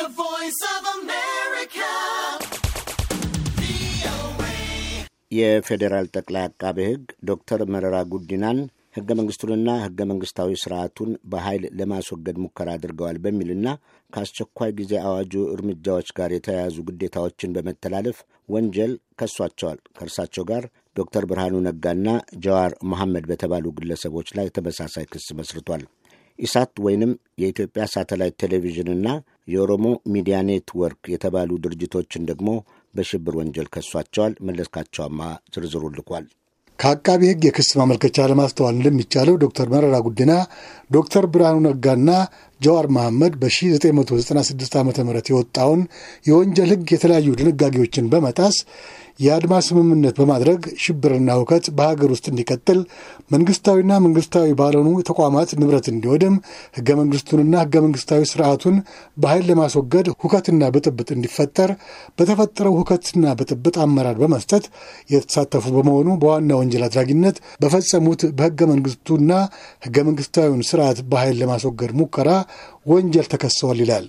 The Voice of America. የፌዴራል ጠቅላይ አቃቤ ሕግ ዶክተር መረራ ጉዲናን ሕገ መንግሥቱንና ሕገ መንግሥታዊ ሥርዓቱን በኃይል ለማስወገድ ሙከራ አድርገዋል በሚልና ከአስቸኳይ ጊዜ አዋጁ እርምጃዎች ጋር የተያያዙ ግዴታዎችን በመተላለፍ ወንጀል ከሷቸዋል። ከእርሳቸው ጋር ዶክተር ብርሃኑ ነጋና ጀዋር መሐመድ በተባሉ ግለሰቦች ላይ ተመሳሳይ ክስ መስርቷል። ኢሳት ወይንም የኢትዮጵያ ሳተላይት ቴሌቪዥንና የኦሮሞ ሚዲያ ኔትወርክ የተባሉ ድርጅቶችን ደግሞ በሽብር ወንጀል ከሷቸዋል። መለስካቸዋማ ዝርዝሩ ልኳል። ከአቃቢ ሕግ የክስ ማመልከቻ ለማስተዋል እንደሚቻለው ዶክተር መረራ ጉዲና፣ ዶክተር ብርሃኑ ነጋና ጀዋር መሐመድ በ1996 ዓ ም የወጣውን የወንጀል ህግ የተለያዩ ድንጋጌዎችን በመጣስ የአድማ ስምምነት በማድረግ ሽብርና ሁከት በሀገር ውስጥ እንዲቀጥል፣ መንግስታዊና መንግስታዊ ባልሆኑ ተቋማት ንብረት እንዲወድም፣ ህገ መንግስቱንና ህገ መንግስታዊ ስርዓቱን በኃይል ለማስወገድ ሁከትና ብጥብጥ እንዲፈጠር፣ በተፈጠረው ሁከትና ብጥብጥ አመራር በመስጠት የተሳተፉ በመሆኑ በዋና ወንጀል አድራጊነት በፈጸሙት በህገ መንግስቱና ህገ መንግስታዊውን ስርዓት በኃይል ለማስወገድ ሙከራ وإنجل تكسو الهلال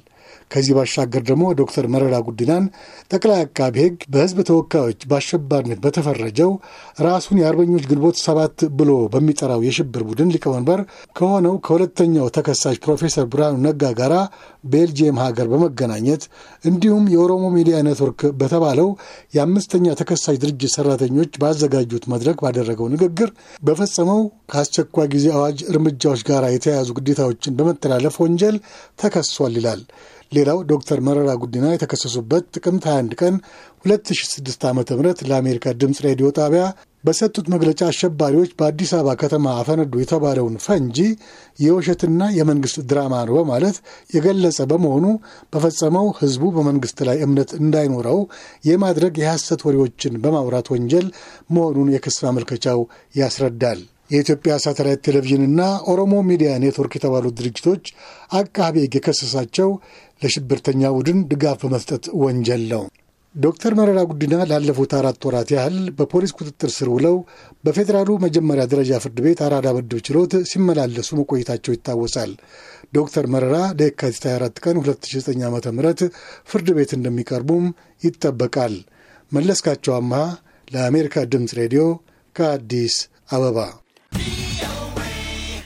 ከዚህ ባሻገር ደግሞ ዶክተር መረራ ጉዲናን ጠቅላይ አቃቢ ሕግ በህዝብ ተወካዮች በአሸባሪነት በተፈረጀው ራሱን የአርበኞች ግንቦት ሰባት ብሎ በሚጠራው የሽብር ቡድን ሊቀመንበር ከሆነው ከሁለተኛው ተከሳሽ ፕሮፌሰር ብርሃኑ ነጋ ጋራ ቤልጅየም ሀገር በመገናኘት እንዲሁም የኦሮሞ ሚዲያ ኔትወርክ በተባለው የአምስተኛ ተከሳሽ ድርጅት ሰራተኞች ባዘጋጁት መድረክ ባደረገው ንግግር በፈጸመው ከአስቸኳይ ጊዜ አዋጅ እርምጃዎች ጋር የተያያዙ ግዴታዎችን በመተላለፍ ወንጀል ተከሷል ይላል። ሌላው ዶክተር መረራ ጉዲና የተከሰሱበት ጥቅምት 21 ቀን 2006 ዓ ም ለአሜሪካ ድምፅ ሬዲዮ ጣቢያ በሰጡት መግለጫ አሸባሪዎች በአዲስ አበባ ከተማ አፈነዱ የተባለውን ፈንጂ የውሸትና የመንግስት ድራማ ነው በማለት የገለጸ በመሆኑ በፈጸመው ህዝቡ በመንግስት ላይ እምነት እንዳይኖረው የማድረግ የሐሰት ወሬዎችን በማውራት ወንጀል መሆኑን የክስ ማመልከቻው ያስረዳል። የኢትዮጵያ ሳተላይት ቴሌቪዥንና ኦሮሞ ሚዲያ ኔትወርክ የተባሉት ድርጅቶች አቃቤ ሕግ የከሰሳቸው ለሽብርተኛ ቡድን ድጋፍ በመስጠት ወንጀል ነው። ዶክተር መረራ ጉዲና ላለፉት አራት ወራት ያህል በፖሊስ ቁጥጥር ስር ውለው በፌዴራሉ መጀመሪያ ደረጃ ፍርድ ቤት አራዳ ምድብ ችሎት ሲመላለሱ መቆየታቸው ይታወሳል። ዶክተር መረራ ለየካቲት 24 ቀን 2009 ዓ ም ፍርድ ቤት እንደሚቀርቡም ይጠበቃል። መለስካቸው አምሃ ለአሜሪካ ድምፅ ሬዲዮ ከአዲስ አበባ